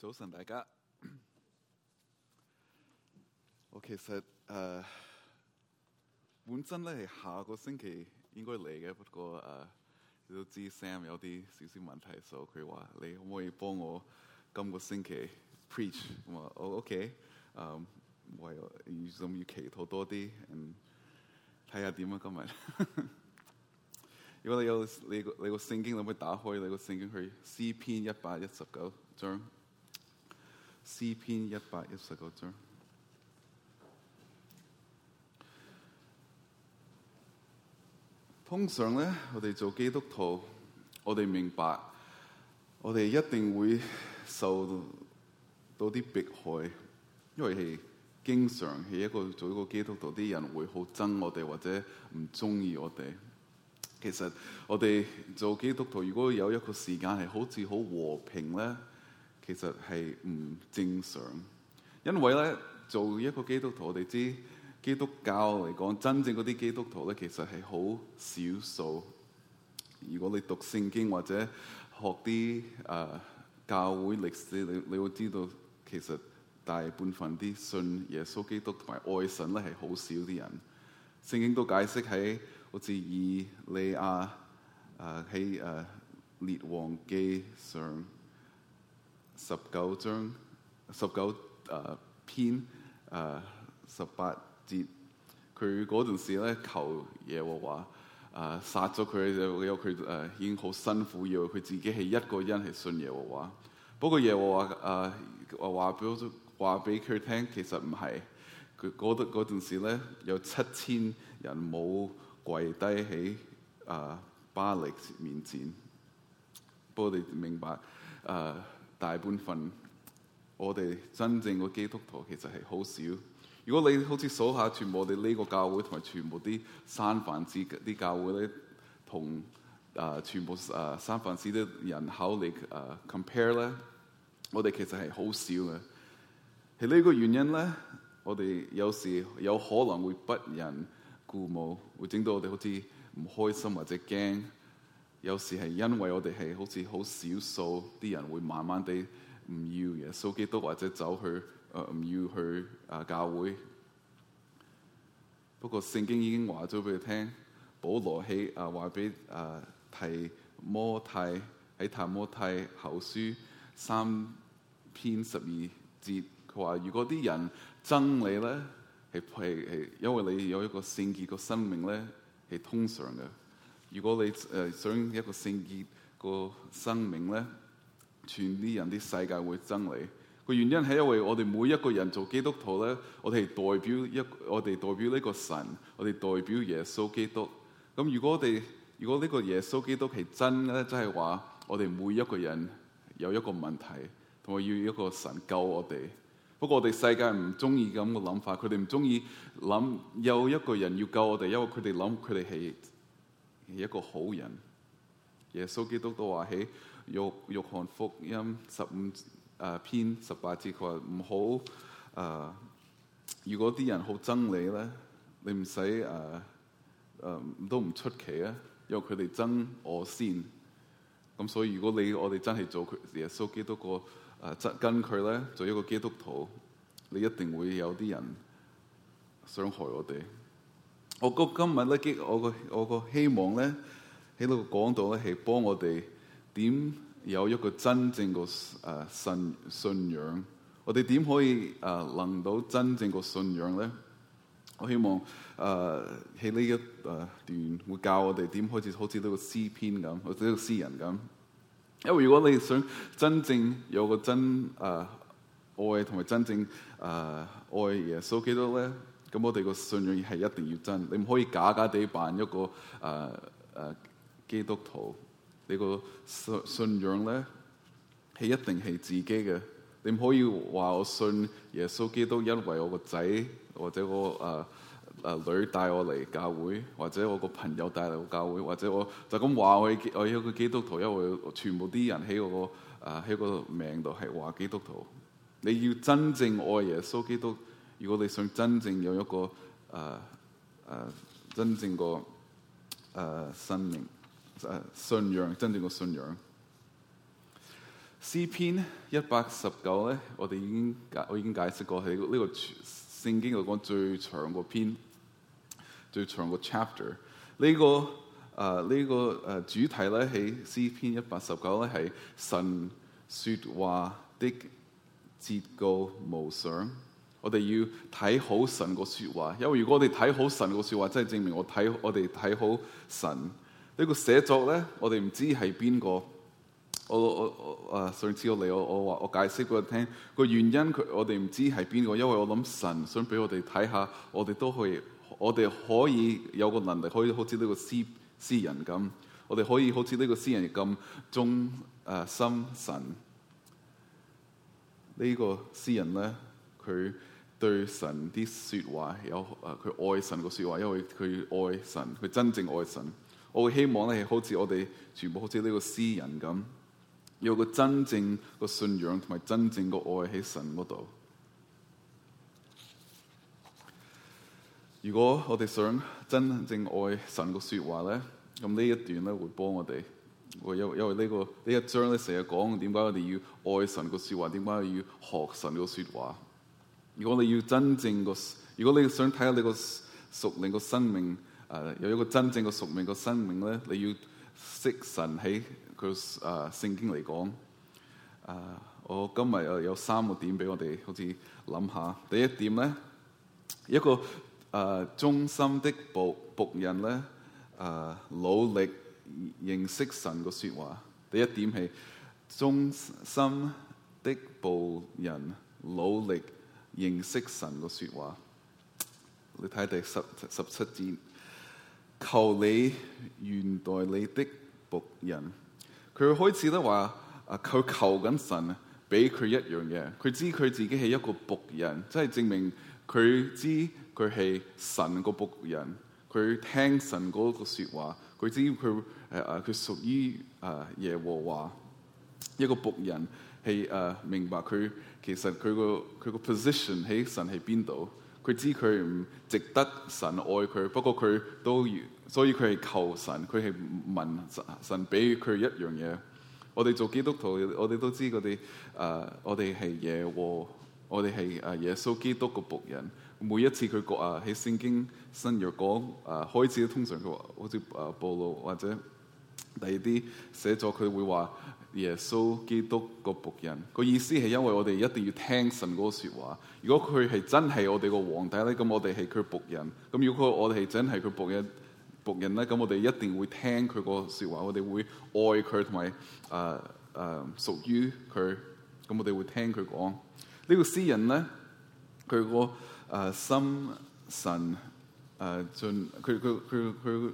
早晨，大家。我其實誒，本身呢係下個星期應該嚟嘅，不過誒，你都知 Sam 有啲少少問題，所以佢話，你可唔可以幫我今個星期 preach？我話 OK。誒，唯有仲要祈禱多啲，睇下點啊今日。如果你有你你個聖經，可唔可以打開？你個聖經去詩篇一百一十九章。詩篇一百一十九章。通常咧，我哋做基督徒，我哋明白，我哋一定會受到啲迫害，因為係經常係一個做一個基督徒啲人會好憎我哋，或者唔中意我哋。其實我哋做基督徒，如果有一個時間係好似好和平咧。其實係唔正常，因為咧，做一個基督徒，我哋知基督教嚟講真正嗰啲基督徒咧，其實係好少數。如果你讀聖經或者學啲誒、呃、教會歷史，你你會知道其實大部分啲信耶穌基督同埋愛神咧係好少啲人。聖經都解釋喺好似以利亞誒喺誒列王記上十九章十九誒篇誒十八節，佢嗰陣時咧求耶和華誒殺咗佢，有佢誒已經好辛苦，要佢自己係一個人係信耶和華。不過耶和華誒、uh, 話俾話俾佢聽，其實唔係佢嗰度嗰陣時咧有七千人冇跪低喺誒巴力面前。不過你明白誒。Uh, 大半份，我哋真正嘅基督徒其實係好少。如果你好似數下全部我哋呢個教會同埋全部啲三藩市啲教會咧，同誒全部誒三藩市啲人口嚟誒 compare 咧，我哋其實係好少嘅。係呢個原因咧，我哋有時有可能會不仁顧母，會整到我哋好似唔開心或者驚。有時係因為我哋係好似好少數啲人會慢慢地唔要耶穌基督或者走去誒唔、呃、要去啊教會。不過聖經已經話咗俾你聽，保羅希啊話俾啊提摩太喺提摩太後書三篇十二節，佢話如果啲人憎你咧，係係係因為你有一個聖潔嘅生命咧係通常嘅。如果你誒、呃、想一個聖潔個生命咧，全啲人啲世界會憎你。個原因係因為我哋每一個人做基督徒咧，我哋係代表一，我哋代表呢個神，我哋代表耶穌基督。咁如果我哋，如果呢個耶穌基督係真咧，即係話我哋每一個人有一個問題，同埋要一個神救我哋。不過我哋世界唔中意咁個諗法，佢哋唔中意諗有一個人要救我哋，因為佢哋諗佢哋係。一個好人，耶穌基督都話起，約約翰福音》十五誒篇十八節，佢話唔好誒、呃，如果啲人好憎你咧，你唔使誒誒都唔出奇啊，因為佢哋憎我先。咁所以如果你我哋真係做佢耶穌基督個誒、呃、跟佢咧，做一個基督徒，你一定會有啲人傷害我哋。我覺今今日呢啲，我個我個希望咧喺呢個講道咧，係幫我哋點有一個真正嘅誒、呃、信信仰。我哋點可以誒、呃、能到真正嘅信仰咧？我希望誒喺呢一誒段會、呃、教我哋點開始，好似呢個詩篇咁，或者呢個詩人咁。因為如果你想真正有個真誒、呃、愛，同埋真正誒、呃、愛耶穌基督咧。Yeah, so, 咁我哋個信仰係一定要真，你唔可以假假地扮一個誒誒、呃啊、基督徒。你個信信仰咧，係一定係自己嘅。你唔可以話我信耶穌基督，因為我個仔或者我誒誒、呃呃、女帶我嚟教會，或者我個朋友帶嚟教會，或者我就咁話我係我一個基督徒，因為全部啲人喺我誒喺個名度係話基督徒。你要真正愛耶穌基督。如果你想真正有一個誒誒真正個誒信靈誒信仰，真正個信仰，詩篇一百十九咧，我哋已經解我已經解釋過係呢個聖經裏講最長個篇、最長個 chapter。呢個誒呢個誒主題咧喺詩篇一百十九咧係神説話的至高無上。我哋要睇好神個說話，因為如果我哋睇好神個說話，真係證明我睇我哋睇好神呢，這個寫作咧，我哋唔知係邊個。我我誒上次我嚟，我我話我解釋俾佢聽個原因，佢我哋唔知係邊個，因為我諗神想俾我哋睇下，我哋都可以，我哋可以有個能力，可以好似呢個詩詩人咁，我哋可以好似呢個詩人咁忠誒心神。這個，呢個詩人咧，佢。對神啲說話有，誒佢愛神個說話，因為佢愛神，佢真正愛神。我會希望咧，好似我哋全部好似呢個詩人咁，有個真正個信仰同埋真正個愛喺神嗰度。如果我哋想真正愛神個說話咧，咁呢一段咧會幫我哋。因為因為呢個呢一章咧成日講點解我哋要愛神個說話，點解要學神個說話。如果你要真正個，如果你想睇下你個屬靈個生命，誒、呃、有一個真正個屬靈個生命咧，你要識神喺佢誒聖經嚟講。誒、呃，我今日誒有三個點俾我哋好似諗下。第一點咧，一個誒忠、呃、心的僕僕人咧，誒、呃、努力認識神個説話。第一點係忠心的僕人努力。認識神，說、啊、神，個，神，神個說話，你睇第十十七節，求你願待你的僕人。佢開始都話，啊佢求緊神啊，俾佢一樣嘢。佢知佢自己係一個僕人，即係證明佢知佢係神個僕人。佢聽神嗰個說話，佢知佢誒誒，佢屬於誒耶和華一個僕人，係誒明白佢。其實佢個佢個 position 喺神喺邊度？佢知佢唔值得神愛佢，不過佢都要。所以佢係求神，佢係問神，神俾佢一樣嘢。我哋做基督徒，我哋都知嗰啲誒，我哋係耶和，我哋係誒耶穌基督嘅僕人。每一次佢講啊，喺聖經新約講誒、啊、開始，通常佢話好似誒暴露或者。第二啲寫咗，佢會話耶穌基督個僕人個意思係，因為我哋一定要聽神嗰個説話。如果佢係真係我哋個皇帝咧，咁我哋係佢僕人。咁如果我哋係真係佢僕人僕人咧，咁我哋一定會聽佢個説話。我哋會愛佢同埋誒誒屬於佢。咁、呃呃、我哋會聽佢講、這個、呢個詩人咧，佢個誒心神誒進佢佢佢佢。呃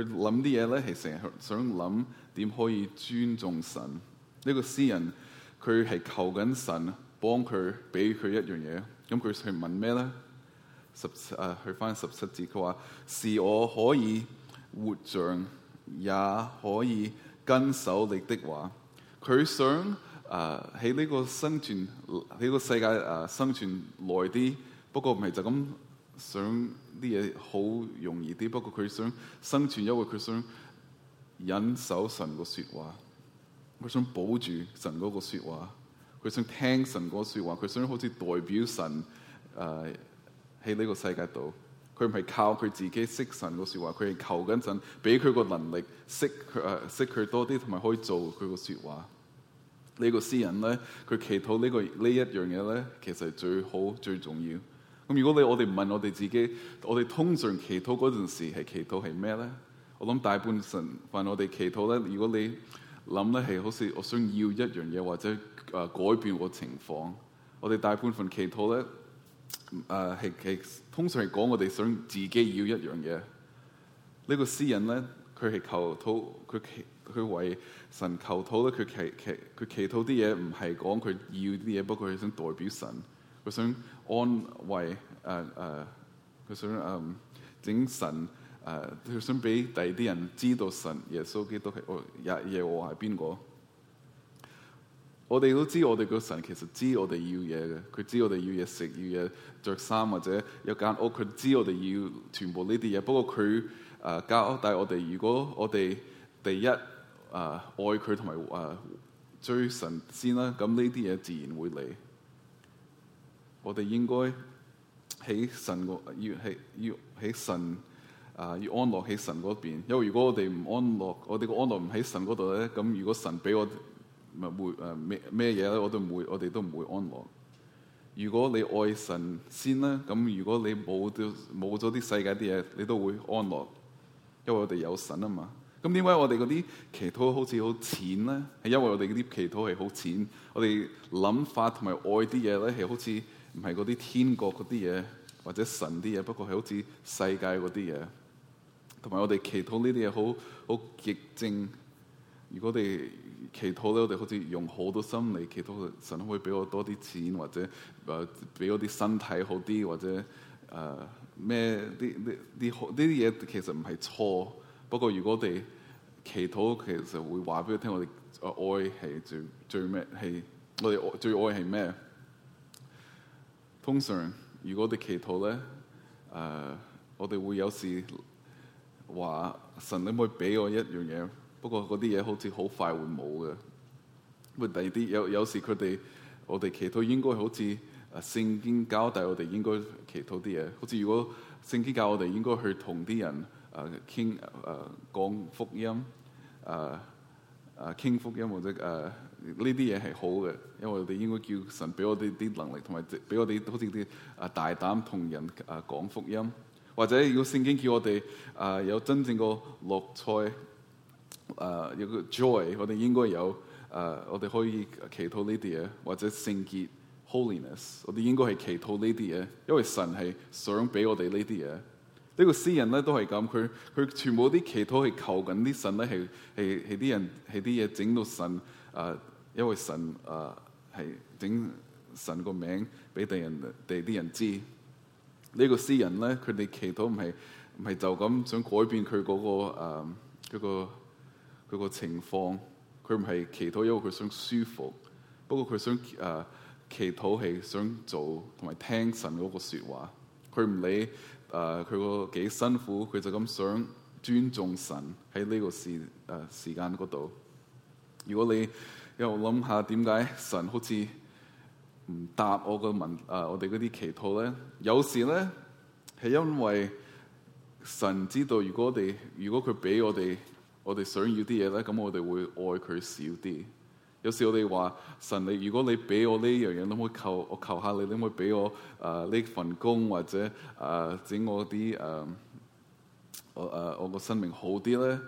佢諗啲嘢咧，係成日想諗點可以尊重神。呢、這個詩人佢係求緊神，幫佢俾佢一樣嘢。咁佢去問咩咧？十啊，去翻十七節。佢話是我可以活著，也可以跟守你的話。佢想誒喺呢個生存喺呢個世界誒、呃、生存耐啲。不過唔係就咁。想啲嘢好容易啲，不過佢想生存，因為佢想忍受神個說話，佢想保住神嗰個說話，佢想聽神嗰個說話，佢想好似代表神誒喺呢個世界度，佢唔係靠佢自己識神個說話，佢係求緊神俾佢個能力識佢誒識佢多啲，同埋可以做佢個說話。呢個詩人咧，佢祈禱呢個呢一樣嘢咧，其實最好最重要。咁如果你我哋唔問我哋自己，我哋通常祈禱嗰陣時係祈禱係咩咧？我諗大半神問我哋祈禱咧，如果你諗咧係好似我想要一樣嘢或者誒、呃、改變個情況，我哋大半份祈禱咧誒係祈通常係講我哋想自己要一樣嘢。這個、人呢個詩人咧，佢係求討，佢祈佢為神求討咧，佢祈祈佢祈禱啲嘢唔係講佢要啲嘢，不過佢想代表神。佢想安慰誒誒，佢、呃呃、想嗯、呃、整神誒，佢、呃、想俾第二啲人知道神耶穌基督係我、哦，耶和係邊個？我哋都知，我哋個神其實知我哋要嘢嘅，佢知我哋要嘢食，要嘢着衫或者有間屋，佢知我哋要全部呢啲嘢。不過佢誒教，但、呃、係我哋如果我哋第一誒、呃、愛佢同埋誒追神先啦，咁呢啲嘢自然會嚟。我哋應該喺神嗰要喺要喺神啊、呃、要安樂喺神嗰邊，因為如果我哋唔安樂，我哋個安樂唔喺神嗰度咧，咁如果神俾我唔會誒咩咩嘢咧，我都唔會，我哋都唔會安樂。如果你愛神先咧，咁如果你冇冇咗啲世界啲嘢，你都會安樂，因為我哋有神啊嘛。咁點解我哋嗰啲祈禱好似好淺咧？係因為我哋嗰啲祈禱係好淺，我哋諗法同埋愛啲嘢咧係好似～唔係嗰啲天國嗰啲嘢，或者神啲嘢，不過係好似世界嗰啲嘢，同埋我哋祈禱呢啲嘢，好好極正。如果我哋祈禱咧，我哋好似用好多心理祈禱，神可以俾我多啲錢，或者誒俾我啲身體好啲，或者誒咩啲啲啲呢啲嘢，呃、其實唔係錯。不過如果我哋祈禱，其實會話俾佢聽，我哋愛係最最咩？係我哋最愛係咩？通常如果我哋祈禱咧，誒、呃，我哋會有時話神，你唔可以俾我一樣嘢？不過嗰啲嘢好似好快會冇嘅。咁第二啲有有時佢哋，我哋祈禱應該好似誒聖經交代我哋應該祈禱啲嘢。好似如果聖經教我哋應該去同啲人誒傾誒講福音，誒誒傾福音或者誒。呃呢啲嘢係好嘅，因為我哋應該叫神俾我哋啲能力，同埋俾我哋好似啲啊大膽同人啊講福音，或者如果聖經叫我哋啊、呃、有真正個樂趣，啊、呃、有個 joy，我哋應該有，啊、呃、我哋可以祈禱呢啲嘢，或者聖潔 holiness，我哋應該係祈禱呢啲嘢，因為神係想俾我哋呢啲嘢。呢、呢個詩人咧都係咁，佢佢全部啲祈禱係求緊啲神咧，係係係啲人係啲嘢整到神啊。呃因為神誒係整神個名俾第人第啲人，人知，這個、人呢個詩人咧佢哋祈禱唔係唔係就咁想改變佢嗰、那個誒佢、呃這個佢個情況，佢唔係祈禱因為佢想舒服，不過佢想誒、呃、祈禱係想做同埋聽神嗰個說話，佢唔理誒佢個幾辛苦，佢就咁想尊重神喺呢個時誒、呃、時間嗰度。如果你又諗下點解神好似唔答我個問誒，我哋嗰啲祈禱咧，有時咧係因為神知道如，如果我哋如果佢俾我哋我哋想要啲嘢咧，咁我哋會愛佢少啲。有時我哋話神你，如果你俾我呢樣嘢，你可唔可以求我求下你，你可唔可以俾我誒呢份工或者誒整，啊，我啲誒、啊、我誒我個生命好啲咧？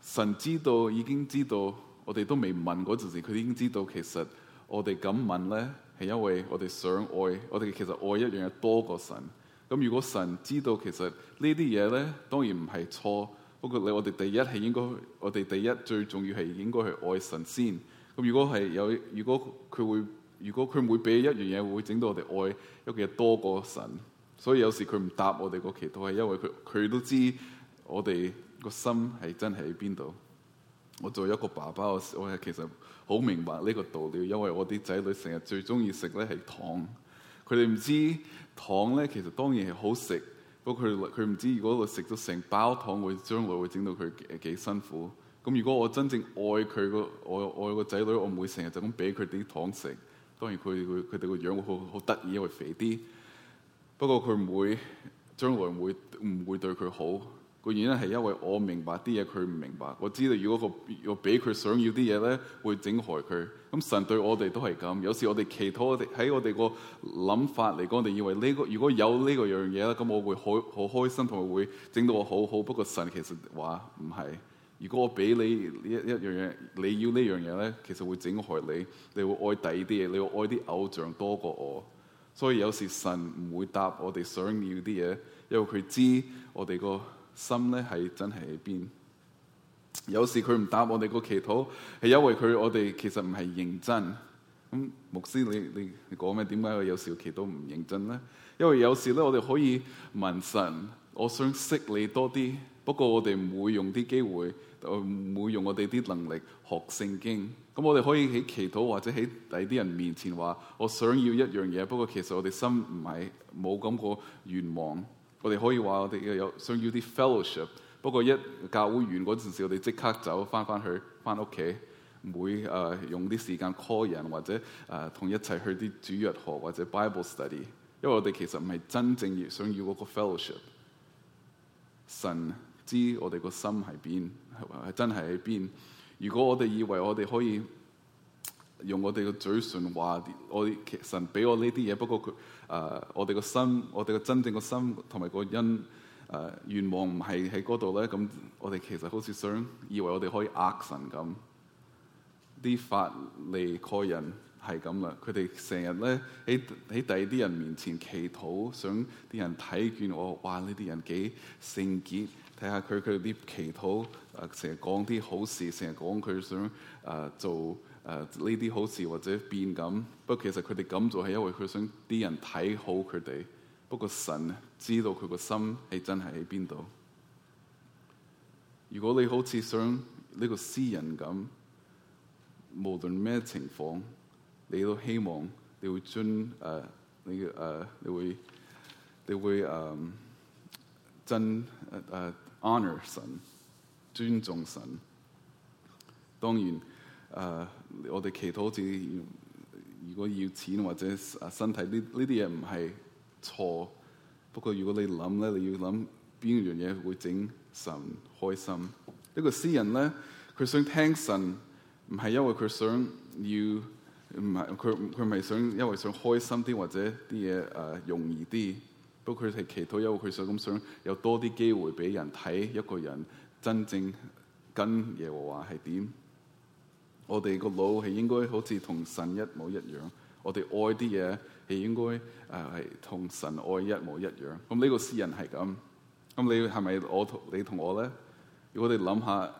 神知道，已經知道。我哋都未問嗰陣時，佢已經知道其實我哋咁問咧，係因為我哋想愛。我哋其實愛一樣嘢多過神。咁如果神知道其實呢啲嘢咧，當然唔係錯。不過你我哋第一係應該，我哋第一最重要係應該係愛神先。咁如果係有，如果佢會，如果佢唔會俾一樣嘢，會整到我哋愛一樣嘢多過神。所以有時佢唔答我哋個祈禱，係因為佢佢都知我哋個心係真係喺邊度。我做一個爸爸嘅時候，我係其實好明白呢個道理，因為我啲仔女成日最中意食咧係糖，佢哋唔知糖咧其實當然係好食，不過佢佢唔知如果我食咗成包糖，會將來會整到佢誒幾，幾辛苦。咁如果我真正愛佢個我我個仔女，我唔會成日就咁俾佢啲糖食。當然佢佢哋個樣會好好得意，因為肥啲，不過佢唔會將來唔會唔會對佢好。原因係因為我明白啲嘢，佢唔明白。我知道如果個要俾佢想要啲嘢咧，會整害佢。咁神對我哋都係咁。有時我哋祈禱，我哋喺我哋個諗法嚟講，我哋以為呢個如果有呢個樣嘢咧，咁我會好好開心，同埋會整到我好好。不過神其實話唔係。如果我俾你一一樣嘢，你要呢樣嘢咧，其實會整害你。你會愛第二啲嘢，你會愛啲偶像多過我。所以有時神唔會答我哋想要啲嘢，因為佢知我哋個心咧係真係喺邊，有時佢唔答我哋個祈禱，係因為佢我哋其實唔係認真。咁牧師你你講咩？點解我有時祈禱唔認真咧？因為有時咧我哋可以問神，我想識你多啲。不過我哋唔會用啲機會，唔、呃、唔會用我哋啲能力學聖經。咁我哋可以喺祈禱或者喺第啲人面前話，我想要一樣嘢。不過其實我哋心唔係冇咁個願望。我哋可以話我哋有想要啲 fellowship，不過一教會完嗰陣時，我哋即刻走翻翻去翻屋企，唔會誒用啲時間 call 人或者誒同、呃、一齊去啲主日學或者 Bible study，因為我哋其實唔係真正要想要嗰個 fellowship。神知我哋個心喺邊，係係真係喺邊，如果我哋以為我哋可以。用我哋嘅嘴唇話，我哋其實神俾我呢啲嘢，不過佢誒、呃，我哋個心，我哋嘅真正嘅心同埋個恩誒願望唔係喺嗰度咧。咁、嗯、我哋其實好似想以為我哋可以呃神咁，啲法利賽人係咁啦。佢哋成日咧喺喺第二啲人面前祈禱，想啲人睇見我，哇！呢啲人幾聖潔，睇下佢佢啲祈禱誒，成日講啲好事，成日講佢想誒、呃、做。誒呢啲好事或者變咁，不過其實佢哋咁做係因為佢想啲人睇好佢哋。不過神知道佢個心係真係喺邊度。如果你好似想呢個詩人咁，無論咩情況，你都希望你會尊誒、uh, 你嘅誒、uh,，你會你會誒真誒誒、uh, uh, honor 神，尊重神。當然誒，Uh, 我哋祈禱，好似如果要錢或者啊身體呢呢啲嘢唔係錯，不過如果你諗咧，你要諗邊樣嘢會整神開心？一個詩人咧，佢想聽神，唔係因為佢想要，唔係佢佢咪想因為想開心啲或者啲嘢誒容易啲，不過佢係祈禱，因為佢想咁想有多啲機會俾人睇一個人真正跟耶和華係點。我哋個腦係應該好似同神一模一樣，我哋愛啲嘢係應該誒係同神愛一模一樣。咁、嗯、呢、這個詩人係咁，咁、嗯、你係咪我同你同我咧？如果你諗下，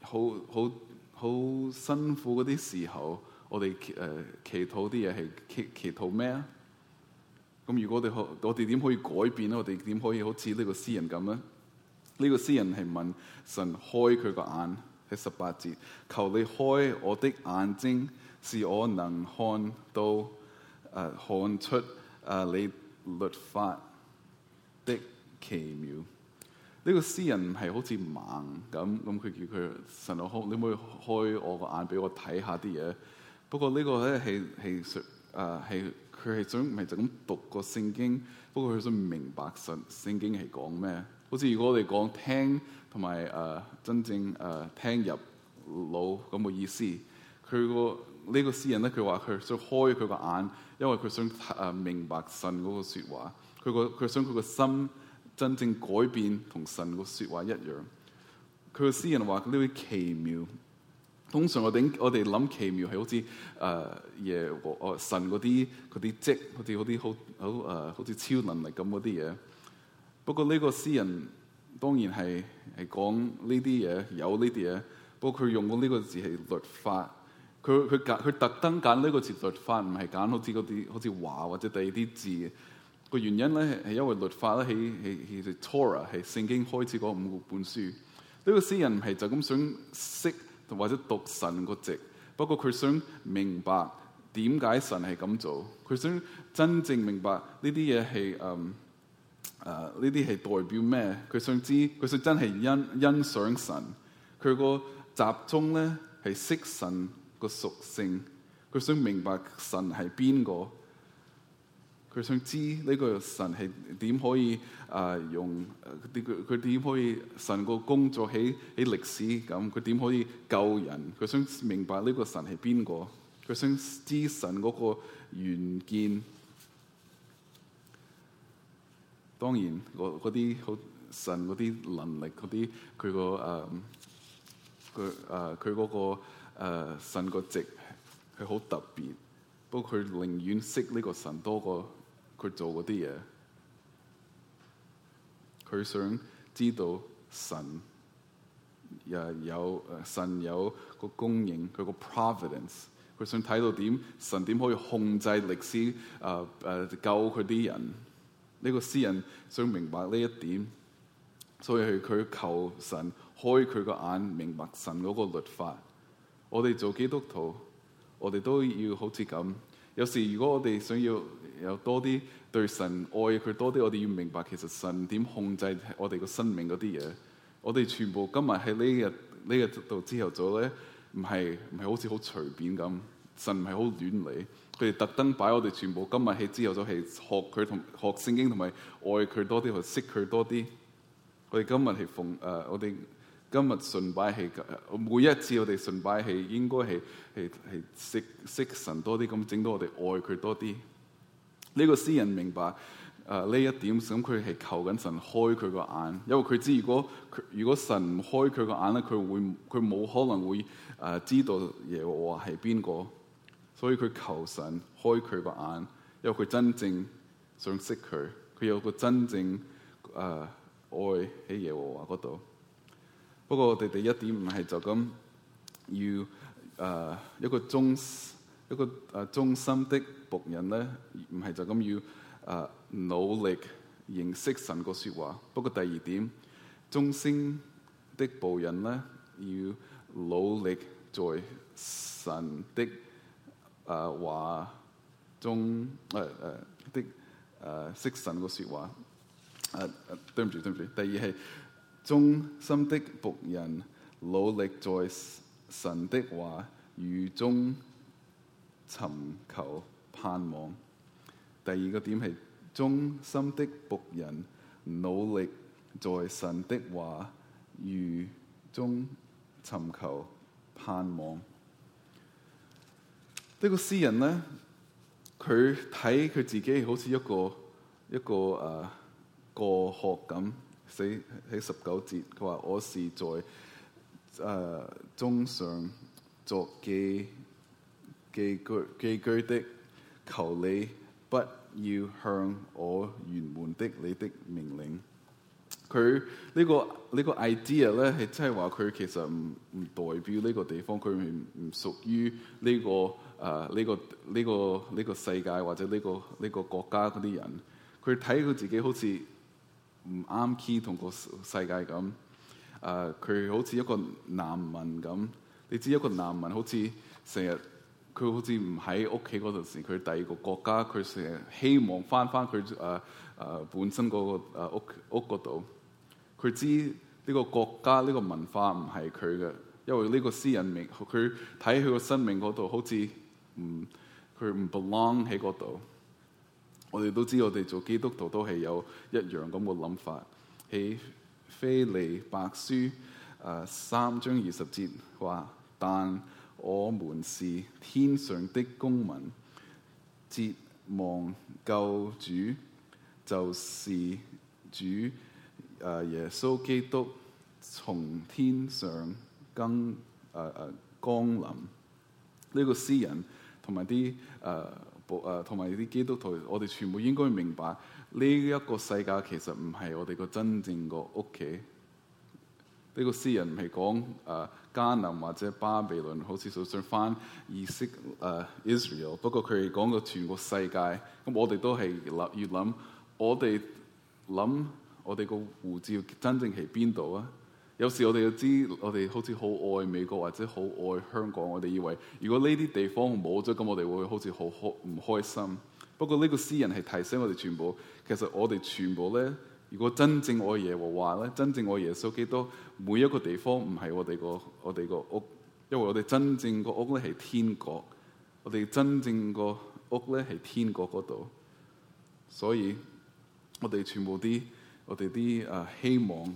好好好辛苦嗰啲時候，我哋誒、呃、祈禱啲嘢係祈祈禱咩啊？咁、嗯、如果我哋可，我哋點可以改變咧？我哋點可以好似呢個詩人咁咧？呢、這個詩人係問神開佢個眼。係十八節，求你開我的眼睛，使我能看到誒、呃，看出誒、呃、你律法的奇妙。呢個詩人唔係好似盲咁，咁佢叫佢神啊，哭。你可唔可以開我個眼俾我睇下啲嘢？不過呢個咧係係誒，係佢係想唔係就咁讀個聖經，不過佢想明白神聖經係講咩？好似如果我哋講聽，同埋誒真正誒、呃、聽入腦咁嘅意思，佢個呢個詩人咧，佢話佢想開佢個眼，因為佢想誒、呃、明白神嗰個説話，佢個佢想佢個心真正改變同神個説話一樣。佢個詩人話呢啲奇妙，通常我哋我哋諗奇妙係好似誒、呃、耶和神嗰啲嗰啲跡，好似啲好好誒好似超能力咁嗰啲嘢。不過呢個詩人。當然係係講呢啲嘢，有呢啲嘢。不過佢用過呢個字係律法，佢佢揀佢特登揀呢個字律法，唔係揀好似嗰啲好似話或者第二啲字。個原因咧係因為律法咧係係係 Torah，係聖、ah, 經開始嗰五個本書。呢、這個詩人唔係就咁想識或者讀神個籍，不過佢想明白點解神係咁做，佢想真正明白呢啲嘢係嗯。誒，呢啲係代表咩？佢想知，佢想真係欣欣賞神，佢個集中咧係識神個屬性，佢想明白神係邊個，佢想知呢個神係點可以誒、呃、用佢佢點可以神個工作喺喺歷史咁，佢點可以救人？佢想明白呢個神係邊個，佢想知神嗰個原件。當然，嗰啲好神嗰啲能力，嗰啲佢個誒佢誒佢嗰個神個值係好特別。不過佢寧願識呢個神多過佢做嗰啲嘢。佢想知道神又有神有個供應，佢個 providence，佢想睇到點神點可以控制歷史誒誒、啊啊、救佢啲人。呢個詩人想明白呢一點，所以係佢求神開佢個眼，明白神嗰個律法。我哋做基督徒，我哋都要好似咁。有時如果我哋想要有多啲對神愛佢多啲，我哋要明白其實神點控制我哋個生命嗰啲嘢。我哋全部今日喺呢日呢日度之後做咧，唔係唔係好似好隨便咁，神唔係好亂嚟。佢哋特登擺我哋全部今日起之後就係學佢同學聖經同埋愛佢多啲，同識佢多啲。我哋今日係奉誒我哋今日崇拜係每一次我哋崇拜係應該係係係識識神多啲，咁整到我哋愛佢多啲。呢、這個詩人明白誒呢、呃、一點，咁佢係求緊神開佢個眼，因為佢知如果如果神唔開佢個眼咧，佢會佢冇可能會誒、呃、知道耶和華係邊個。所以佢求神開佢個眼，因為佢真正想識佢，佢有個真正誒、呃、愛喺耶和華嗰度。不過我哋第一點唔係就咁要誒、呃、一個忠一個誒忠心的僕人咧，唔係就咁要誒努力認識神個說話。不過第二點，忠心的僕人咧要努力在神的。啊、呃、話忠誒誒啲誒識神嘅說話誒、呃呃、對唔住，對唔住，第二係忠心的僕人努力在神的話語中尋求盼望。第二個點係忠心的僕人努力在神的話語中尋求盼望。個詩呢個詩人咧，佢睇佢自己好似一個一個誒過、呃、學咁。死喺十九節，佢話我是在誒終、呃、上作記記句記句的，求你不要向我完滿的你的命令。佢、這個這個、呢個呢個 idea 咧，係真係話佢其實唔唔代表呢個地方，佢唔唔屬於呢個。誒呢、uh, 呢個呢、呢個呢、呢個世界或者呢、呢個呢、呢個國家嗰啲人，佢睇佢自己好似唔啱 key 同個世界咁。誒，佢好似一個難民咁。你知一個難民好似成日，佢好似唔喺屋企嗰陣時，佢第二個國家，佢成日希望翻翻佢誒誒本身嗰個屋屋嗰度。佢知呢個國家呢、呢個文化唔係佢嘅，因為呢個私人名。佢睇佢個生命嗰度好似。嗯，佢唔 belong 喺嗰度。我哋都知，我哋做基督徒都係有一樣咁嘅諗法。喺腓立比書誒三章二十節話：但我們是天上的公民，切望救主就是主誒耶穌基督從天上更誒誒降臨。呢個詩人。同埋啲誒部同埋啲基督徒，我哋全部應該明白呢一個世界其實唔係我哋個真正個屋企。呢個詩人唔係講誒迦南或者巴比倫，好似想翻意識誒、呃、Israel。不過佢講個全個世界，咁我哋都係諗越諗，我哋諗我哋個護照真正係邊度啊？有時我哋又知，我哋好似好愛美國或者好愛香港，我哋以為如果呢啲地方冇咗，咁我哋會好似好開唔開心。不過呢個詩人係提醒我哋全部，其實我哋全部咧，如果真正愛耶和華咧，真正愛耶穌基督，每一個地方唔係我哋個我哋個屋，因為我哋真正個屋咧係天國，我哋真正個屋咧係天國嗰度。所以，我哋全部啲我哋啲誒希望。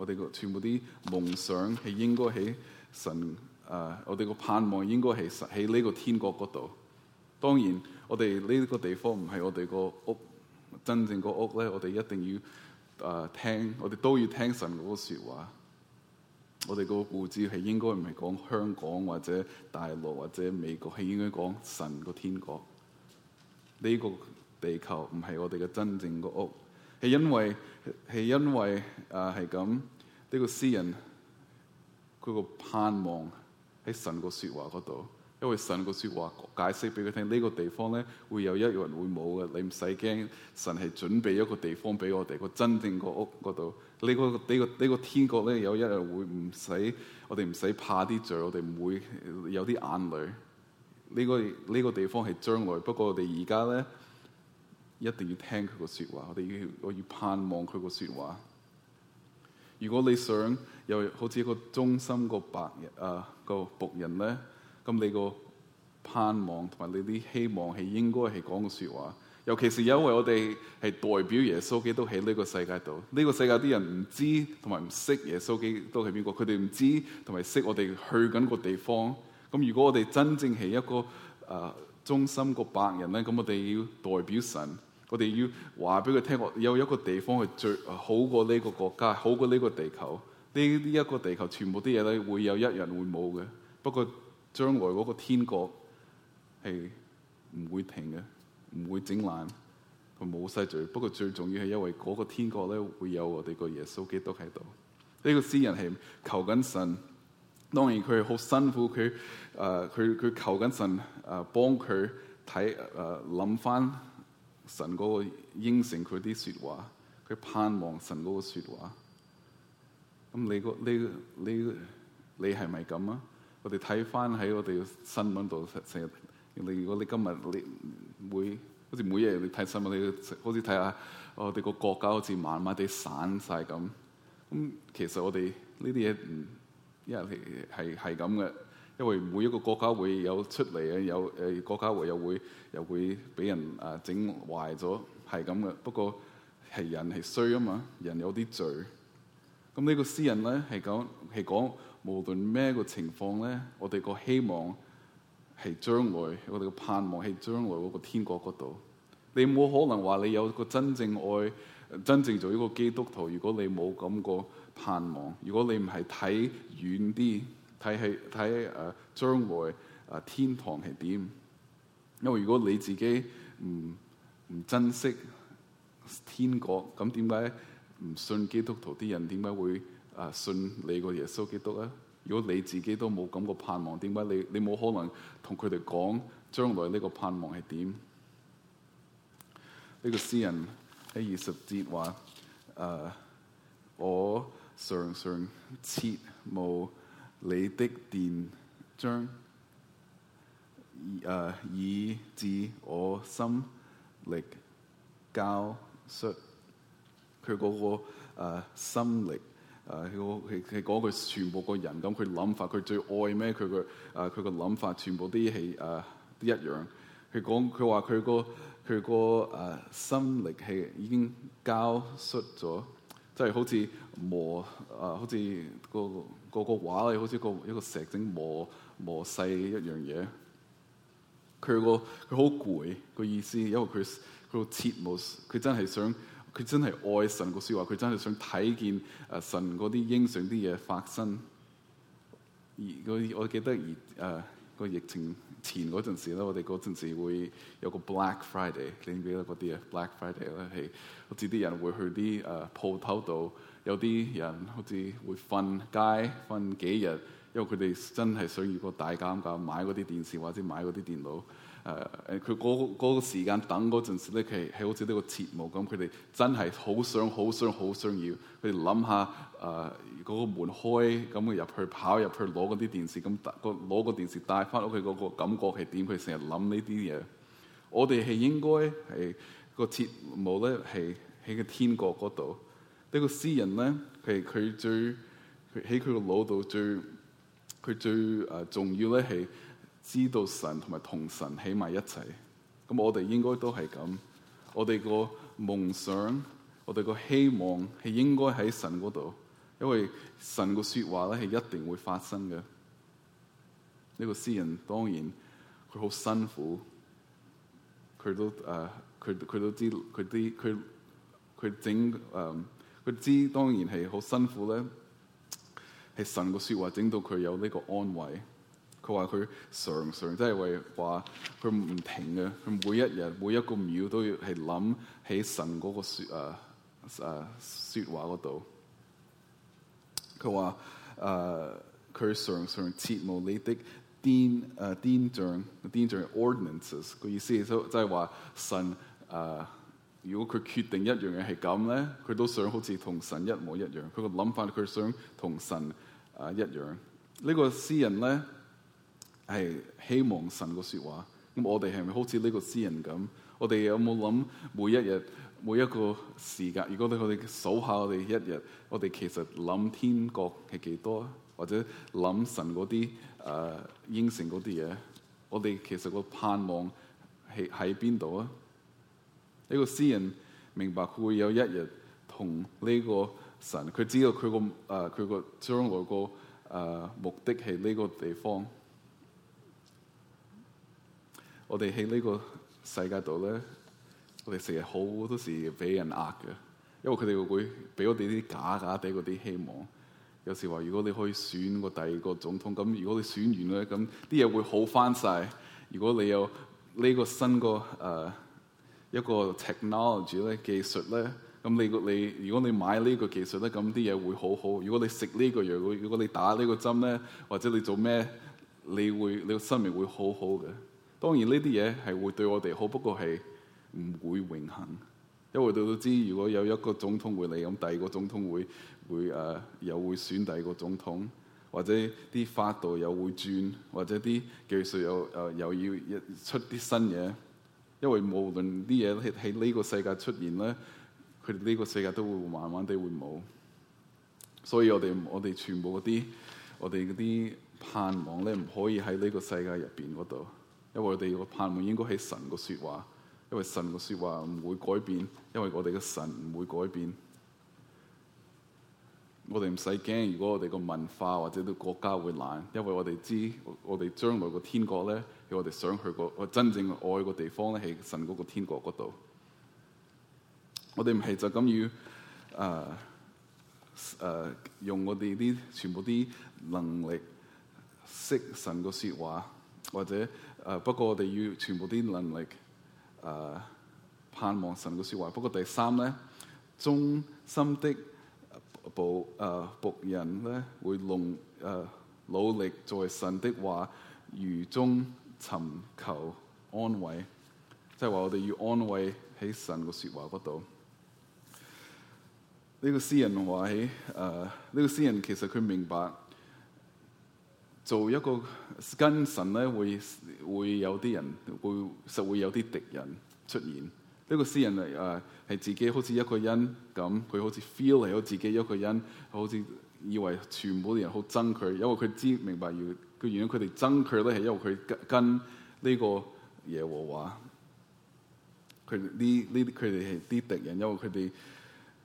我哋個全部啲夢想係應該喺神誒、呃，我哋個盼望應該係實喺呢個天國嗰度。當然，我哋呢個地方唔係我哋個屋，真正個屋咧，我哋一定要誒、呃、聽，我哋都要聽神嗰個說話。我哋個故事係應該唔係講香港或者大陸或者美國，係應該講神個天國。呢、這個地球唔係我哋嘅真正個屋。係因為係因為啊，係咁呢個詩人佢個盼望喺神個說話嗰度，因為神個說話解釋俾佢聽呢個地方咧會有一個人會冇嘅，你唔使驚，神係準備一個地方俾我哋個真正個屋嗰度。呢個呢個呢個天國咧有一日會唔使，我哋唔使怕啲罪，我哋唔會有啲眼淚。呢個呢個地方係將來，不過我哋而家咧，一定要聽佢個説話，我哋要我要盼望佢個説話。如果你想又好似一個忠心個白人啊、呃、個僕人咧，咁你個盼望同埋你啲希望係應該係講個説話。尤其是因為我哋係代表耶穌基督喺呢個世界度，呢、呢個世界啲人唔知同埋唔識耶穌基督係邊個，佢哋唔知同埋識我哋去緊個地方。咁如果我哋真正係一個誒忠、呃、心個白人咧，咁我哋要代表神。我哋要話俾佢聽，我有一個地方係最好過呢個國家，好過呢個地球。呢呢一個地球，全部啲嘢咧會有一人會冇嘅。不過將來嗰個天國係唔會停嘅，唔會整爛，佢冇晒罪。不過最重要係因為嗰個天國咧會有我哋個耶穌基督喺度。呢個詩人係求緊神，當然佢好辛苦，佢誒佢佢求緊神誒幫佢睇誒諗翻。神嗰個應承佢啲説話，佢盼望神嗰個説話。咁你個你你你係咪咁啊？我哋睇翻喺我哋新聞度成日，你如果你今日你每好似每日你睇新聞，你好似睇下我哋個國家好似慢慢哋散晒咁。咁其實我哋呢啲嘢唔，因為係係咁嘅。嗯因為每一個國家會有出嚟啊，有誒國家會又會又會俾人啊整壞咗，係咁嘅。不過係人係衰啊嘛，人有啲罪。咁呢個詩人咧係講係講，無論咩個情況咧，我哋個希望係將來，我哋個盼望係將來嗰個天國嗰度。你冇可能話你有個真正愛，真正做一個基督徒，如果你冇咁個盼望，如果你唔係睇遠啲。睇起睇誒將來誒、啊、天堂係點？因為如果你自己唔唔珍惜天國，咁點解唔信基督徒啲人點解會誒、啊、信你個耶穌基督咧？如果你自己都冇咁個盼望，點解你你冇可能同佢哋講將來呢個盼望係點？呢、呢個詩人喺二十節話誒、啊，我常常切慕。無你的典章誒以至我心力交瘁，佢嗰、那個誒、呃、心力誒，佢佢佢講，佢全部個人，咁佢諗法，佢最愛咩？佢個誒佢個諗法全部都係誒、呃、都一樣，佢講佢話佢個佢個誒心力係已經交瘁咗，即、就、係、是、好似磨誒、呃、好似、那個。個個畫咧，好似個一個石整磨磨細一樣嘢。佢個佢好攰個意思，因為佢佢切磨，佢真係想，佢真係愛神個說話，佢真係想睇見誒、啊、神嗰啲應承啲嘢發生。而我我記得而誒個疫情前嗰陣時咧，我哋嗰陣時會有個 Black Friday，你記唔記得嗰啲啊？Black Friday 咧係好似啲人會去啲誒、啊、鋪頭度。有啲人好似會瞓街瞓幾日，因為佢哋真係想要個大減價買嗰啲電視或者買嗰啲電腦。誒、uh, 誒、那個，佢嗰嗰個時間等嗰陣時咧，係係好似呢個節目咁，佢哋真係好想好想好想要。佢哋諗下誒嗰、uh, 個門開咁，佢入去跑入去攞嗰啲電視，咁個攞個電視帶翻屋企嗰個感覺係點？佢成日諗呢啲嘢。我哋係應該係、嗰個節目咧，係喺個天國嗰度。呢個詩人咧，佢係佢最，喺佢個腦度最，佢最誒重要咧係知道神同埋同神喺埋一齊。咁我哋應該都係咁，我哋個夢想，我哋個希望係應該喺神嗰度，因為神個説話咧係一定會發生嘅。呢個詩人當然佢好辛苦，佢都誒，佢、呃、佢都知佢啲佢佢整誒。呃佢知當然係好辛苦咧，係神個説話整到佢有呢個安慰。佢話佢常常即係為話佢唔停嘅，佢每一日每一個秒都要係諗喺神嗰個説啊誒説話嗰度。佢話誒佢常常切摩啲啲啲啲啲啲啲 ordinances，個意思即係話神誒。如果佢決定一樣嘢係咁咧，佢都想好似同神一模一樣。佢個諗法，佢想同神啊一,一樣。這個、詩呢個詩人咧係希望神個説話。咁我哋係咪好似呢個詩人咁？我哋有冇諗每一日每一個時間？如果你我哋數下我哋一日，我哋其實諗天國係幾多？或者諗神嗰啲誒應承嗰啲嘢？我哋其實個盼望係喺邊度啊？呢個詩人明白佢會有一日同呢個神，佢知道佢個誒，佢、呃、個將來個誒、呃、目的係呢個地方。我哋喺呢個世界度咧，我哋成日好多時俾人呃嘅，因為佢哋會俾我哋啲假假地嗰啲希望。有時話，如果你可以選個第二個總統，咁如果你選完咧，咁啲嘢會好翻晒。如果你有呢個新個誒。呃一個 technology 咧，技術咧，咁你個你如果你買呢個技術咧，咁啲嘢會好好。如果你食呢個藥，如果你打呢個針咧，或者你做咩，你會你個生命會好好嘅。當然呢啲嘢係會對我哋好，不過係唔會永恆。因為到到知，如果有一個總統會嚟，咁第二個總統會會誒、呃、又會選第二個總統，或者啲法度又會轉，或者啲技術又誒、呃、又要出啲新嘢。因為無論啲嘢喺呢個世界出現咧，佢哋呢個世界都會慢慢地會冇。所以我哋我哋全部嗰啲我哋啲盼望咧，唔可以喺呢個世界入邊嗰度。因為我哋個盼望應該喺神個說話，因為神個說話唔會改變，因為我哋嘅神唔會改變。我哋唔使驚，如果我哋個文化或者個國家會爛，因為我哋知我哋將來個天國咧。我哋想去個真正愛個地方咧，係神嗰個天國嗰度。我哋唔係就咁要誒誒用我哋啲全部啲能力識神個説話，或者誒、呃、不過我哋要全部啲能力誒、呃、盼望神個説話。不過第三咧，忠心的僕誒僕人咧會用誒努力在神的話語中，尋求安慰，即係話我哋要安慰喺神嘅說話嗰度。呢、這個詩人話喺誒，呢、呃，這個詩人其實佢明白，做一個跟神咧會會有啲人會實會有啲敵人出現。呢、這個詩人嚟誒係自己好似一個人咁，佢好似 feel 係、like、好自己一個人，好似以為全部啲人好憎佢，因為佢知明白要。佢原來佢哋憎佢咧係因為佢跟呢個耶和華，佢呢呢佢哋係啲敵人，因為佢哋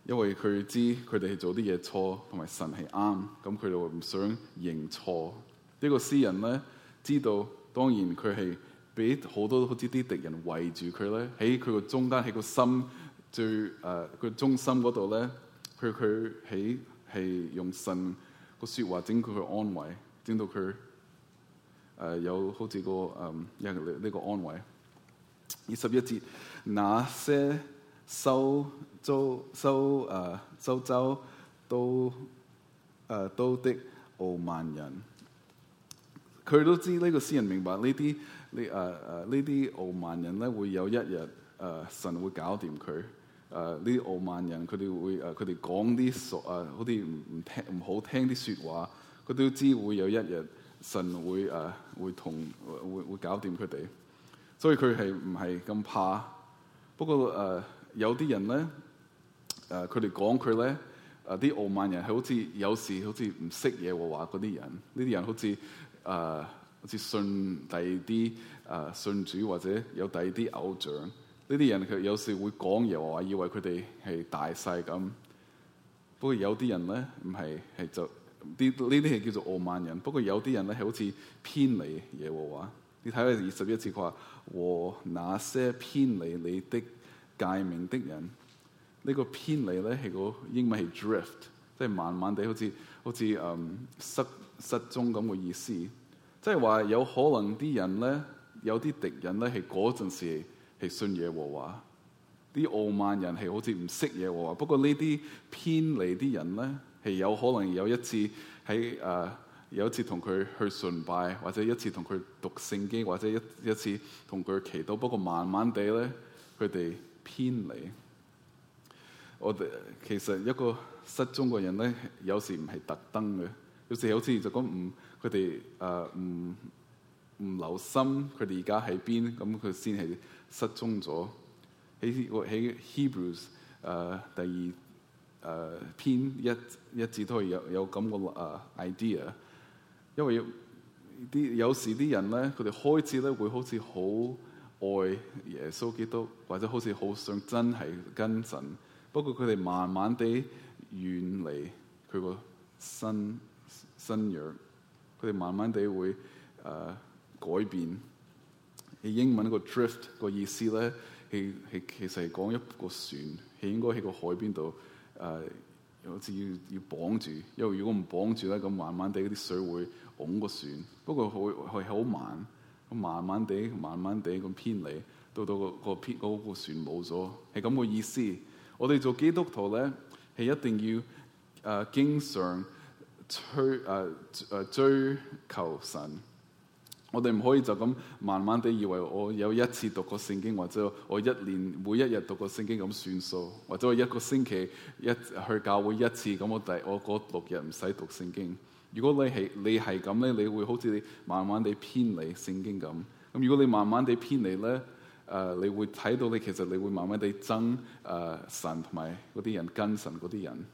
因為佢知佢哋係做啲嘢錯，同埋神係啱，咁佢哋唔想認錯。這個、詩呢個詩人咧知道，當然佢係俾好多好似啲敵人圍住佢咧，喺佢個中間，喺個心最誒個、呃、中心嗰度咧，佢佢喺係用神個説話整佢個安慰，整到佢。誒、uh, 有好似個一呢、嗯呢個安慰，二十一節那些收租收誒收租、呃、都誒、呃、都的傲慢人，佢都知呢、呢個詩人明白呢啲呢誒誒呢啲傲慢人咧會有一日誒、呃、神會搞掂佢誒呢啲傲慢人佢哋會誒佢哋講啲索誒好似唔唔聽唔好聽啲説話，佢都知會有一日。神會誒、呃、會同會會搞掂佢哋，所以佢係唔係咁怕？不過誒、呃、有啲人咧誒，佢哋講佢咧誒啲傲慢人係好似有時好似唔識嘢話嗰啲人，呢啲人好似誒、呃、好似信第二啲誒信主或者有第二啲偶像，呢啲人佢有時會講嘢話，話以為佢哋係大細咁。不過有啲人咧唔係係就。啲呢啲係叫做傲慢人，不過有啲人咧係好似偏離耶和華。你睇下二十一節佢話，和那些偏離你的誡命的人，呢、呢個偏離咧係個英文係 drift，即係慢慢地好似好似嗯失失蹤咁嘅意思。即係話有可能啲人咧有啲敵人咧係嗰陣時係信耶和華，啲傲慢人係好似唔識耶和華。不過呢啲偏離啲人咧。其有可能有一次喺誒、呃、有一次同佢去崇拜，或者一次同佢讀聖經，或者一一次同佢祈禱。不過慢慢地咧，佢哋偏離。我哋其實一個失蹤嘅人咧，有時唔係特登嘅，有時好似就咁唔佢哋誒唔唔留心，佢哋而家喺邊？嗯」咁佢先係失蹤咗。喺個喺 Hebrews 誒、呃、第二。誒篇、uh, 一一字都係有有咁個誒 idea，因為啲有，有時啲人咧，佢哋開始咧會好似好愛耶穌基督，或者好似好想真係跟神。不過佢哋慢慢地遠離佢個信信仰，佢哋慢慢地會誒、uh, 改變。英文嗰個 drift 個意思咧，係係其實係講一個船，佢應該喺個海邊度。誒，好似、uh, 要要綁住，因為如果唔綁住咧，咁慢慢地啲水會拱個船。不過佢佢好慢，咁慢慢地、慢慢地咁偏離，到到、嗰個、嗰個偏、嗰個嗰個、船冇咗，係咁個意思。我哋做基督徒咧，係一定要誒、啊、經常追誒誒、啊、追求神。我哋唔可以就咁慢慢地以為我有一次讀過聖經，或者我一年每一日讀過聖經咁算數，或者我一個星期一去教會一次咁，我第我六日唔使讀聖經。如果你係你係咁咧，你會好似你慢慢地偏離聖經咁。咁如果你慢慢地偏離咧，誒、呃，你會睇到你其實你會慢慢地憎、誒、呃、神同埋嗰啲人跟神嗰啲人。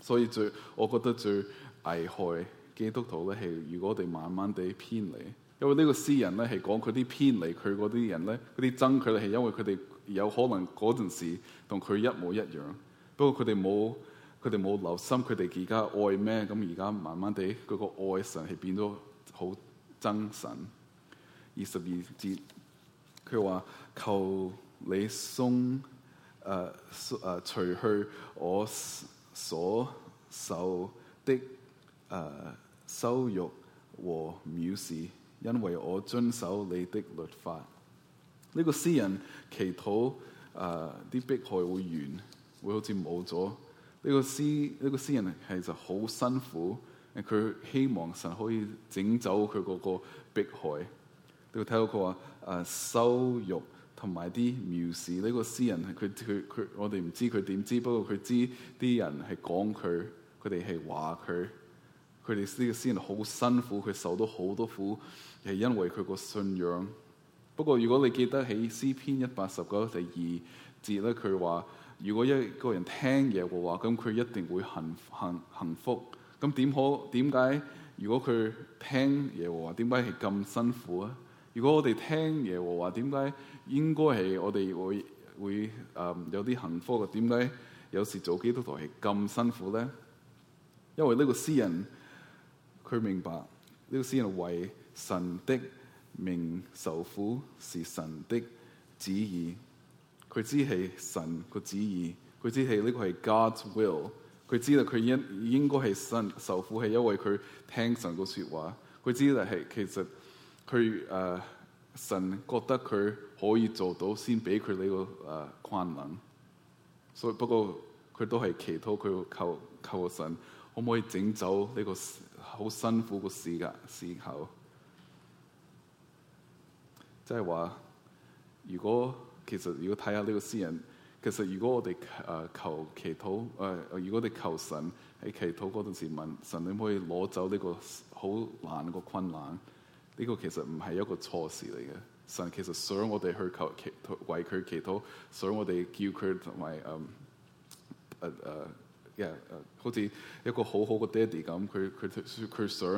所以最我覺得最危害。基督徒咧係，如果我哋慢慢地偏離，因為呢個詩人咧係講佢啲偏離，佢嗰啲人咧，嗰啲憎佢咧，係因為佢哋有可能嗰陣時同佢一模一樣，不過佢哋冇佢哋冇留心佢哋而家愛咩，咁而家慢慢地嗰個愛神係變咗好憎神。二十二節，佢話求你鬆誒誒，除、呃啊、去我所受的誒。呃羞辱和藐視，因為我遵守你的律法。呢、這個詩人祈禱，誒、呃、啲迫害會完，會好似冇咗。呢、這個詩呢、這個詩人係就好辛苦，佢希望神可以整走佢嗰個迫害。你會睇到佢話誒，羞辱同埋啲藐視。呢、這個詩人係佢佢佢，我哋唔知佢點知，不過佢知啲人係講佢，佢哋係話佢。佢哋呢個詩人好辛苦，佢受到好多苦，係因為佢個信仰。不過如果你記得起詩篇一百十九第二節咧，佢話如果一個人聽耶和華，咁佢一定會幸幸幸福。咁點可點解？如果佢聽耶和華，點解係咁辛苦啊？如果我哋聽耶和華，點解應該係我哋會會誒、呃、有啲幸福嘅？點解有時做基督徒係咁辛苦咧？因為呢個詩人。佢明白呢、這個先係為神的名受苦是神的旨意，佢知係神個旨意，佢知係呢、這個係 God's will。佢知道佢應應該係神受苦係因為佢聽神個說話，佢知道係其實佢誒、呃、神覺得佢可以做到先俾佢呢個誒困難。所以不過佢都係祈禱佢求求神可唔可以整走呢、這個。好辛苦個事㗎事後，即係話，如果其實如果睇下呢個詩人，其實如果我哋誒求祈禱誒、呃，如果我哋求神喺祈禱嗰陣時問神，你可唔可以攞走呢個好難個困難？呢、這個其實唔係一個錯事嚟嘅，神其實想我哋去求祈禱為佢祈禱，想我哋叫佢同埋誒。Um, uh, uh, 嘅，yeah, uh, 好似一個好好個爹地咁，佢佢佢想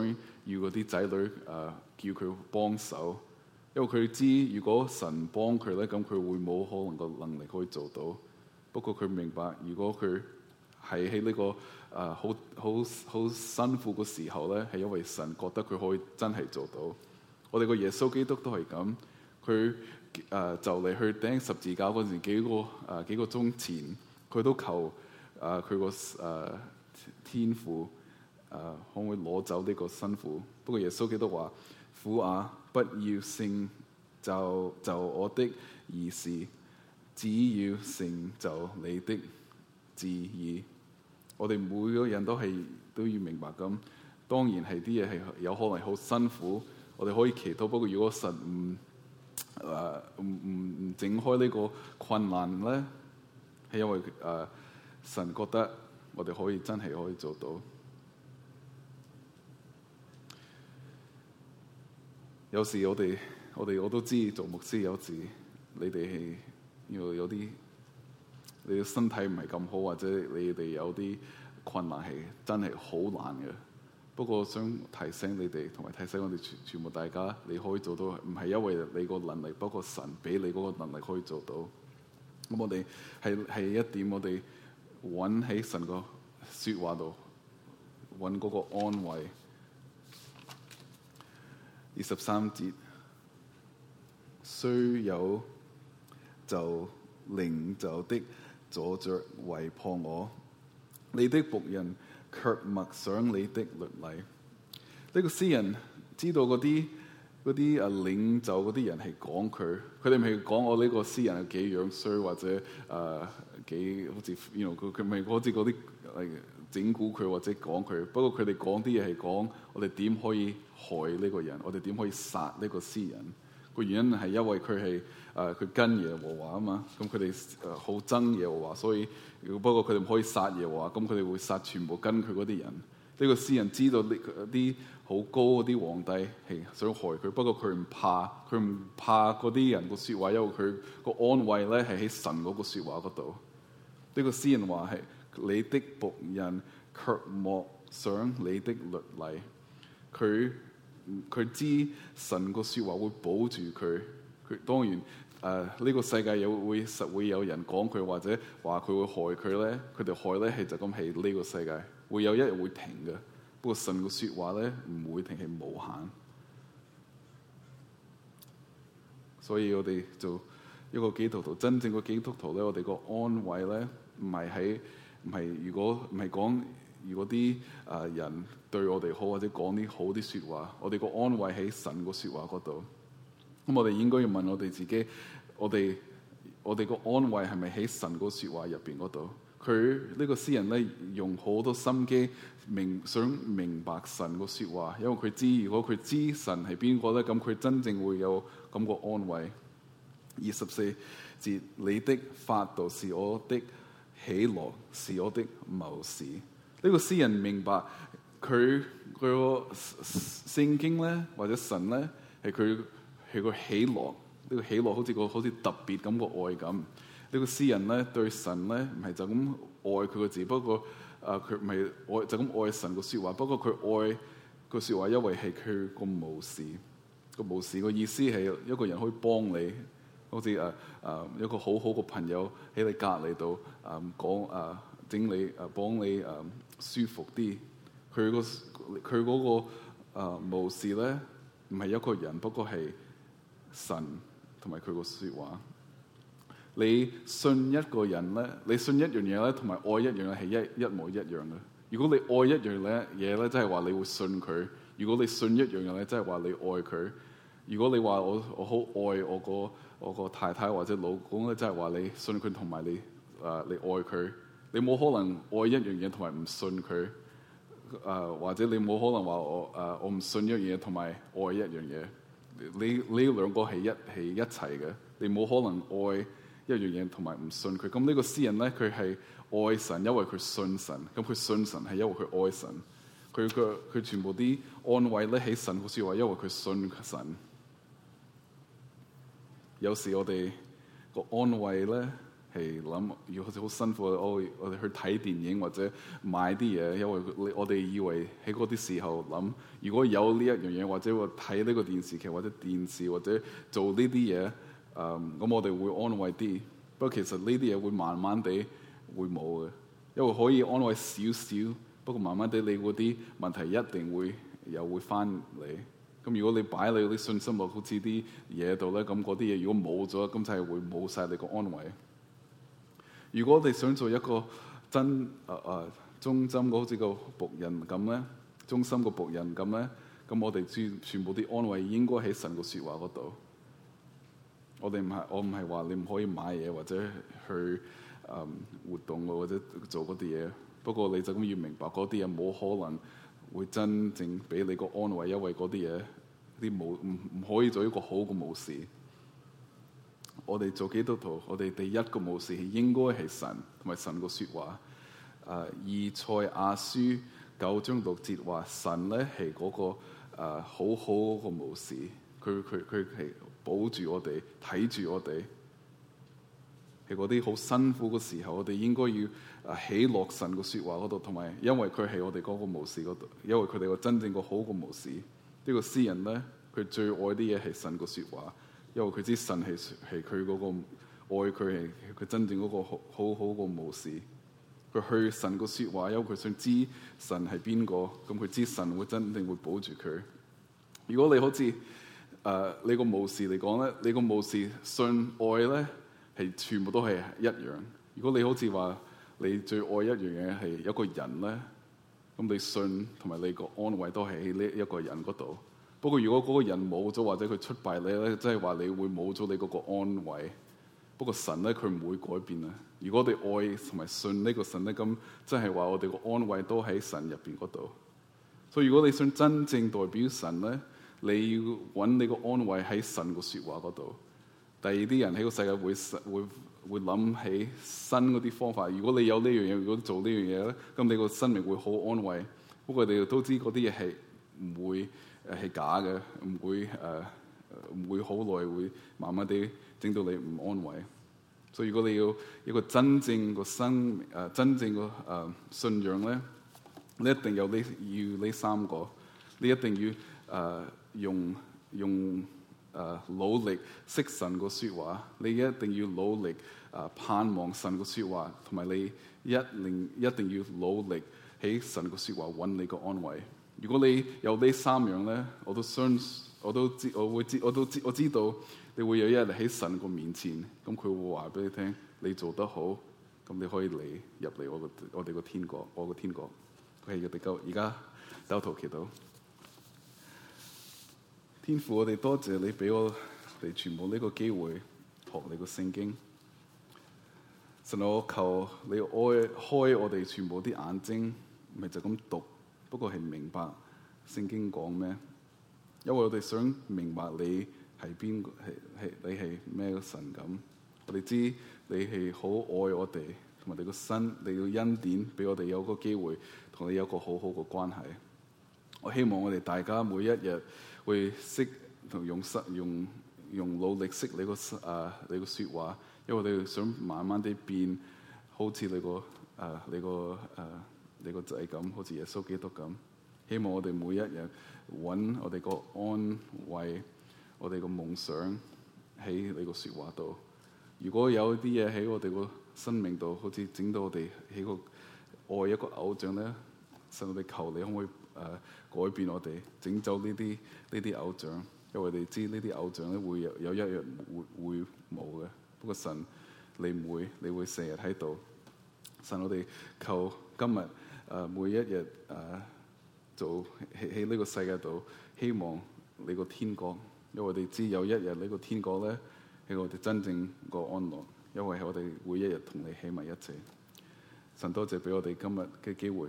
要嗰啲仔女，誒、uh, 叫佢幫手，因為佢知如果神幫佢咧，咁佢會冇可能個能力可以做到。不過佢明白，如果佢係喺呢個誒好好好辛苦嘅時候咧，係因為神覺得佢可以真係做到。我哋個耶穌基督都係咁，佢誒、uh, 就嚟去釘十字架嗰陣，幾個誒、uh, 幾個鐘前，佢都求。啊！佢個誒天父誒、呃，可唔可以攞走呢個辛苦？不過耶穌基督話：苦啊，不要成就就我的意思；只要成就你的旨意。我哋每個人都係都要明白咁。當然係啲嘢係有可能好辛苦，我哋可以祈禱。不過如果神唔誒唔唔整開呢個困難咧，係因為誒。呃神覺得我哋可以真係可以做到。有時我哋我哋我都知做牧師有時，你哋要有啲，你嘅身體唔係咁好，或者你哋有啲困難係真係好難嘅。不過想提醒你哋，同埋提醒我哋全全部大家，你可以做到，唔係因為你個能力，包括神畀你嗰個能力可以做到。咁我哋係係一點我哋。揾喺神個說話度，揾嗰個安慰。二十三節，雖有就領袖的左着圍破我，你的僕人卻默想你的律例。呢個詩人知道嗰啲嗰啲啊領袖嗰啲人係講佢，佢哋唔係講我呢個詩人係幾樣衰，或者誒。呃幾好似，佢佢咪好似啲嚟整蠱佢或者講佢。不過佢哋講啲嘢係講我哋點可以害呢個人，我哋點可以殺呢個詩人。個原因係因為佢係誒佢跟耶和華啊嘛。咁佢哋誒好憎耶和華，所以如果不過佢哋唔可以殺耶和華，咁佢哋會殺全部跟佢嗰啲人。呢、這個詩人知道啲好高嗰啲皇帝係想害佢，不過佢唔怕，佢唔怕嗰啲人個説話，因為佢個安慰咧係喺神嗰個説話嗰度。呢個詩人話，係你的僕人，卻默想你的律例。佢佢知神個說話會保住佢。佢當然誒，呢、呃呢個世界有會實會有人講佢，或者話佢會害佢咧。佢哋害咧係就咁喺呢個世界，會有一日會停嘅。不過神個說話咧唔會停，係無限。所以我哋做一個基督徒，真正個基督徒咧，我哋個安慰咧。唔係喺，唔係如果唔係講，如果啲誒、呃、人對我哋好或者講啲好啲說話，我哋個安慰喺神個說話嗰度。咁、嗯、我哋應該要問我哋自己，我哋我哋個安慰係咪喺神個說話入邊嗰度？佢呢、呢個詩人咧用好多心機明想明白神個說話，因為佢知如果佢知神係邊個咧，咁佢真正會有感覺安慰。二十四節，你的法度是我的。喜樂是我的謀士，呢、這個詩人明白佢佢個聖經咧，或者神咧，係佢係個喜樂，呢個喜樂好似個好似特別咁個愛咁。呢、這個詩人咧對神咧唔係就咁愛佢個字，不過誒佢唔係愛就咁愛神個說話，不過佢愛個說話，因為係佢個謀士，個謀士個意思係一個人可以幫你。好似誒誒一個好好嘅朋友喺你隔籬度誒講誒整理誒幫你誒、啊啊、舒服啲。佢個佢嗰個誒模式咧，唔係一個人，不過係神同埋佢個説話。你信一個人咧，你信一樣嘢咧，同埋愛一樣嘢，係一一模一樣嘅。如果你愛一樣咧嘢咧，即係話你會信佢；如果你信一樣嘢咧，即係話你愛佢。如果你話我我好愛我個。我個太太或者老公咧，即係話你信佢同埋你誒、呃，你愛佢。你冇可能愛一樣嘢同埋唔信佢誒、呃，或者你冇可能話我誒、呃，我唔信一樣嘢同埋愛一樣嘢。你你兩個係一起一齊嘅。你冇可能愛一樣嘢同埋唔信佢。咁呢個詩人咧，佢係愛神，因為佢信神。咁佢信神係因為佢愛神。佢佢佢全部啲安慰咧喺神，好似話因為佢信神。有時我哋個安慰咧係諗，要好似好辛苦。我我哋去睇電影或者買啲嘢，因為我哋以為喺嗰啲時候諗，如果有呢一樣嘢或者我睇呢個電視劇或者電視或者做呢啲嘢，嗯，咁我哋會安慰啲。不過其實呢啲嘢會慢慢地會冇嘅，因為可以安慰少少。不過慢慢地，你嗰啲問題一定會又會翻嚟。咁如果你擺你啲信心落好似啲嘢度咧，咁嗰啲嘢如果冇咗，咁就係會冇晒你個安慰。如果我哋想做一個真、呃、啊啊忠心嗰個僕人咁咧，忠心個僕人咁咧，咁我哋注全部啲安慰應該喺神個説話嗰度。我哋唔係我唔係話你唔可以買嘢或者去啊、呃、活動或者做嗰啲嘢，不過你就咁要明白嗰啲嘢冇可能。會真正俾你個安慰，因為嗰啲嘢，啲冇唔唔可以做一個好嘅牧師。我哋做基督徒，我哋第一個牧師應該係神，同埋神個説話。誒、啊，以賽亞書九章六節話，神咧係嗰個誒、啊、好好個牧師，佢佢佢係保住我哋，睇住我哋。喺嗰啲好辛苦嘅時候，我哋應該要啊喜樂神嘅説話嗰度，同埋因為佢係我哋嗰個牧師嗰度，因為佢哋個真正個好個牧師。呢、這個詩人咧，佢最愛啲嘢係神個説話，因為佢知神係係佢嗰個愛佢係佢真正嗰個好好好個牧師。佢去神個説話，因為佢想知神係邊個，咁佢知神會真正會保住佢。如果你好似誒你個牧師嚟講咧，你個牧師,師信愛咧。係全部都係一樣。如果你好似話你最愛一樣嘢係一個人咧，咁你信同埋你個安慰都喺呢一個人嗰度。不過如果嗰個人冇咗或者佢出賣你咧，即係話你會冇咗你嗰個安慰。呢不過神咧，佢唔會改變啊！如果我哋愛同埋信呢個神咧，咁即係話我哋個安慰都喺神入邊嗰度。所以如果你想真正代表神咧，你要揾你個安慰喺神個説話嗰度。第二啲人喺個世界會實會會諗起新嗰啲方法。如果你有呢樣嘢，如果做呢樣嘢咧，咁你個生命會好安慰。不過你都知嗰啲嘢係唔會係假嘅，唔會誒唔、呃、會好耐會慢慢地整到你唔安慰。所、so, 以如果你要一個真正個生誒、呃、真正個誒、呃、信仰咧，你一定有呢要呢三個，你一定要誒用、呃、用。用誒，努力識神個說話，你一定要努力誒，盼望神個說話，同埋你一定一定要努力喺神個說話揾你個安慰。如果你有呢三樣咧，我都相，我都知，我會知，我都知，我，知，我知道你會有一日喺神個面前，咁、嗯、佢會話俾你聽，你做得好，咁、嗯、你可以嚟入嚟我個我哋個天國，我個天國。佢係個地夠，而家兜頭祈禱。天父，我哋多謝你俾我哋全部呢個機會學你個聖經。神我求你開開我哋全部啲眼睛，咪就咁讀，不過係明白聖經講咩？因為我哋想明白你係邊個係係你係咩神咁。我哋知你係好愛我哋，同埋你個身，你個恩典俾我哋有個機會同你有一個好好個關係。我希望我哋大家每一日。會識同用實用用努力識你個誒、呃、你個說話，因為我哋想慢慢地變，好似你個、呃、你個誒、呃、你個誒你個仔咁，好似耶穌基督咁。希望我哋每一日揾我哋個安慰，我哋個夢想喺你個說話度。如果有啲嘢喺我哋個生命度，好似整到我哋喺個愛一個偶像咧，神，我哋求你可唔可以？誒、啊，改變我哋，整走呢啲呢啲偶像。因為我哋知呢啲偶像咧，會有有一日會會冇嘅。不過神，你唔會，你會成日喺度。神，我哋求今日誒、啊，每一日誒，做喺喺呢個世界度，希望你個天國。因為我哋知有一日你個天國咧，係我哋真正個安樂。因為係我哋每一日同你喺埋一齊。神多謝俾我哋今日嘅機會。